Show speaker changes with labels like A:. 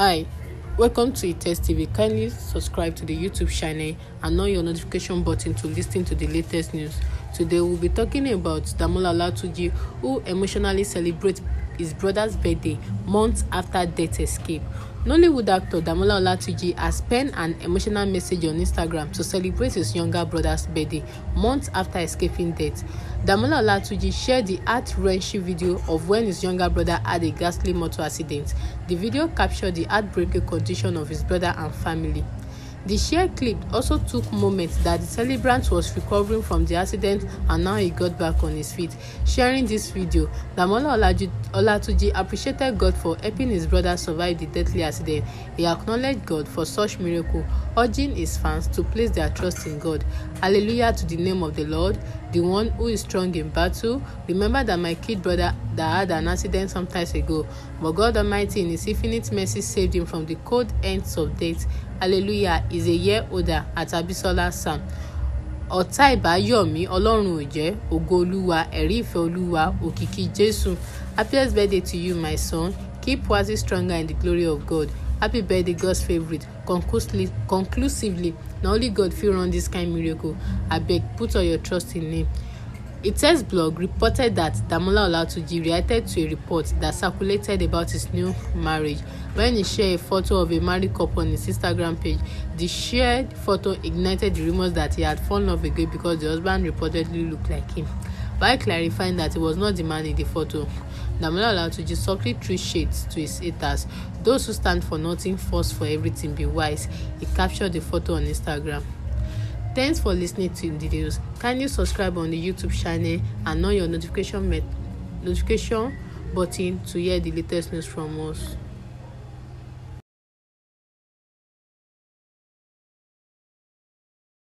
A: Hi, welcome to eTest TV. Kindly subscribe to the YouTube channel and on your notification button to listen to the latest news. Today we'll be talking about Damola Latuji who emotionally celebrates his brother's birthday months after death escape. Nollywood actor Damola Latuji has penned an emotional message on Instagram to celebrate his younger brother's birthday months after escaping death. Damola Latuji shared the heart-wrenching video of when his younger brother had a ghastly motor accident. The video captured the heartbreaking condition of his brother and family. The share clip also took moments that the celebrant was recovering from the accident and now he got back on his feet. Sharing this video, Damola Olatunji appreciated God for helping his brother survive the deadly accident. He acknowledged God for such miracle, urging his fans to place their trust in God. Hallelujah to the name of the Lord, the one who is strong in battle. Remember that my kid brother that had an accident some time ago, but God Almighty in his infinite mercy saved him from the cold ends of death hallelujah is a year older at abisola sam ọ̀tá ìbáyọ̀mí ọlọ́run ò jẹ́ ògo olúwa ẹ̀rí ìfẹ́ olúwa òkìkí jésù happiest birthday to you my son keep waxing stronger in the glory of god happy birthday god's favourite conclusively conclusively na only god fit run this kind miracle abeg put all your trust in him. A test blog reported that Damola Olatunji reacted to a report that circulated about his new marriage when he shared a photo of a married couple on his Instagram page. The shared photo ignited the rumors that he had fallen off again because the husband reportedly looked like him. By clarifying that he was not the man in the photo, Damola Olatunji softly threw shades to his haters. Those who stand for nothing, force for everything, be wise. He captured the photo on Instagram. Thanks for listening to videos. Kindly subscribe on the YouTube channel and on your notification met notification button to hear the latest news from us.